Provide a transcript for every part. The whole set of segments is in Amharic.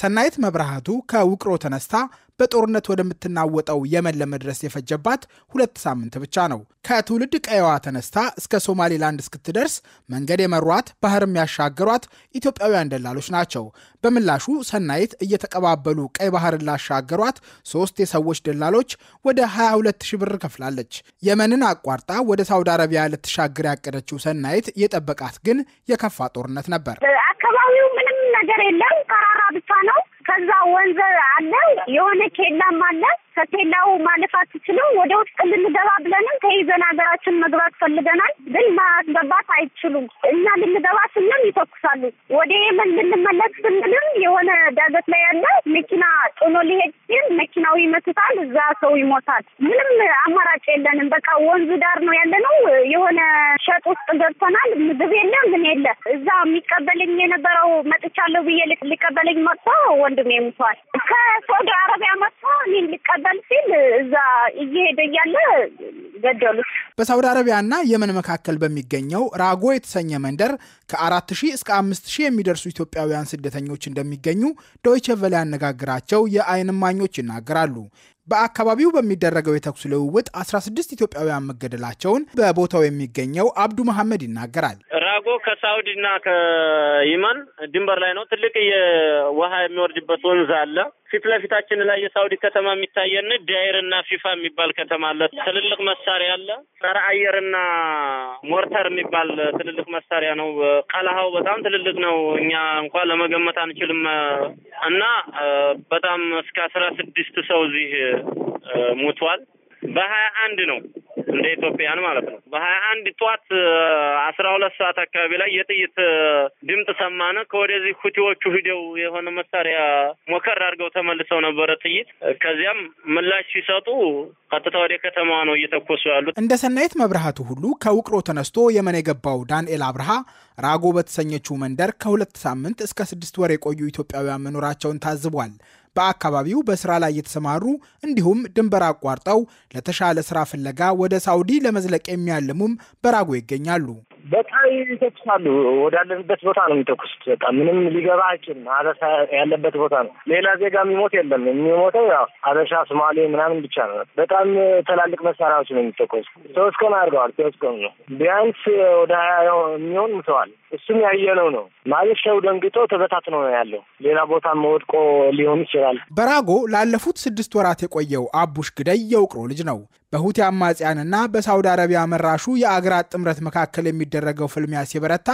ሰናይት መብራሃቱ ከውቅሮ ተነስታ በጦርነት ወደምትናወጠው የመን ለመድረስ የፈጀባት ሁለት ሳምንት ብቻ ነው። ከትውልድ ቀየዋ ተነስታ እስከ ሶማሌላንድ እስክትደርስ መንገድ የመሯት ባህርም ያሻገሯት ኢትዮጵያውያን ደላሎች ናቸው። በምላሹ ሰናይት እየተቀባበሉ ቀይ ባህርን ላሻገሯት ሶስት የሰዎች ደላሎች ወደ 22 ሺ ብር ከፍላለች። የመንን አቋርጣ ወደ ሳውዲ አረቢያ ልትሻገር ያቀደችው ሰናይት የጠበቃት ግን የከፋ ጦርነት ነበር። አካባቢው ምንም ነገር የለም። ብቻ ነው። ከዛ ወንዝ አለ፣ የሆነ ኬላም አለ። ከኬላው ማለፍ አትችልም። ወደ ውስጥ ልንገባ ብለንም ከይዘን ሀገራችን መግባት ፈልገናል፣ ግን ማስገባት አይችሉም። እኛ ልንገባ ስንል ይተኩሳሉ። ወደ የመን ልንመለስ ስንልም የሆነ ዳገት ላይ ያለ መኪና ጥኖ ሊሄድ ሰው ይመትታል፣ እዛ ሰው ይሞታል። ምንም አማራጭ የለንም። በቃ ወንዙ ዳር ነው ያለነው። የሆነ ሸጥ ውስጥ ገብተናል። ምግብ የለ ምን የለ። እዛ የሚቀበለኝ የነበረው መጥቻለሁ ብዬ ሊቀበለኝ መጥቶ ወንድሜ ሙቷል። ከሳውዲ አረቢያ መጥቶ እኔን ሊቀበል ሲል እዛ እየሄደ እያለ ገደሉት። በሳውዲ አረቢያና የመን መካከል በሚገኘው ራጎ የተሰኘ መንደር ከአራት ሺህ እስከ አምስት ሺህ የሚደርሱ ኢትዮጵያውያን ስደተኞች እንደሚገኙ ዶይቼ ቬለ ያነጋግራቸው የዓይን እማኞች ይናገራሉ። በአካባቢው በሚደረገው የተኩስ ልውውጥ 16 ኢትዮጵያውያን መገደላቸውን በቦታው የሚገኘው አብዱ መሐመድ ይናገራል። ሸለቆ ከሳውዲና ከይመን ድንበር ላይ ነው። ትልቅ የውሃ የሚወርድበት ወንዝ አለ። ፊት ለፊታችን ላይ የሳውዲ ከተማ የሚታየን ዳይርና ፊፋ የሚባል ከተማ አለ። ትልልቅ መሳሪያ አለ። ጸረ አየርና ሞርተር የሚባል ትልልቅ መሳሪያ ነው። ቀለሀው በጣም ትልልቅ ነው። እኛ እንኳን ለመገመት አንችልም። እና በጣም እስከ አስራ ስድስት ሰው እዚህ ሙቷል። በሀያ አንድ ነው እንደ ኢትዮጵያን ማለት ነው። በሀያ አንድ ጠዋት አስራ ሁለት ሰዓት አካባቢ ላይ የጥይት ድምፅ ሰማነ። ከወደዚህ ሁቲዎቹ ሂደው የሆነ መሳሪያ ሞከር አድርገው ተመልሰው ነበረ ጥይት። ከዚያም ምላሽ ሲሰጡ ቀጥታ ወደ ከተማዋ ነው እየተኮሱ ያሉት። እንደ ሰናይት መብርሃቱ ሁሉ ከውቅሮ ተነስቶ የመን የገባው ዳንኤል አብርሃ ራጎ በተሰኘችው መንደር ከሁለት ሳምንት እስከ ስድስት ወር የቆዩ ኢትዮጵያውያን መኖራቸውን ታዝቧል። በአካባቢው በስራ ላይ የተሰማሩ እንዲሁም ድንበር አቋርጠው ለተሻለ ስራ ፍለጋ ወደ ሳውዲ ለመዝለቅ የሚያልሙም በራጎ ይገኛሉ። በጣም ይተኩሳሉ። ወዳለንበት ቦታ ነው የሚተኩሱት። በቃ ምንም ሊገባ አይችልም። አበሻ ያለበት ቦታ ነው። ሌላ ዜጋ የሚሞት የለም። የሚሞተው ያው አበሻ፣ ሶማሌ ምናምን ብቻ ነው። በጣም ትላልቅ መሳሪያዎች ነው የሚተኮሱ። ሶስት ቀን አድርገዋል። ሶስት ቀን ነው ቢያንስ ወደ ሀያ የሚሆን ምተዋል። እሱም ያየነው ነው ማለት ሰው ደንግጦ ተበታትኖ ነው ያለው። ሌላ ቦታ ወድቆ ሊሆን ይችላል። በራጎ ላለፉት ስድስት ወራት የቆየው አቡሽ ግደይ የውቅሮ ልጅ ነው። በሁቲ አማጽያንና በሳውዲ አረቢያ መራሹ የአገራት ጥምረት መካከል የሚደረገው ፍልሚያ ሲበረታ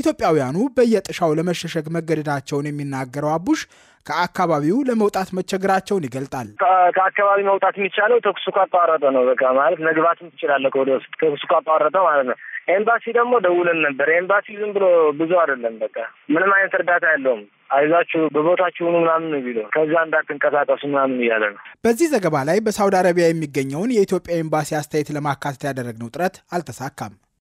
ኢትዮጵያውያኑ በየጥሻው ለመሸሸግ መገደዳቸውን የሚናገረው አቡሽ ከአካባቢው ለመውጣት መቸገራቸውን ይገልጣል። ከአካባቢ መውጣት የሚቻለው ተኩሱ ካቋረጠ ነው። በቃ ማለት መግባትም ትችላለህ ወደ ውስጥ ተኩሱ ካቋረጠ ማለት ነው። ኤምባሲ ደግሞ ደውለን ነበር። ኤምባሲ ዝም ብሎ ብዙ አይደለም፣ በቃ ምንም አይነት እርዳታ ያለውም አይዛችሁ በቦታችሁ ሁኑ ምናምን ቢለው ከዛ እንዳትንቀሳቀሱ ምናምን እያለ ነው። በዚህ ዘገባ ላይ በሳውዲ አረቢያ የሚገኘውን የኢትዮጵያ ኤምባሲ አስተያየት ለማካተት ያደረግነው ጥረት አልተሳካም።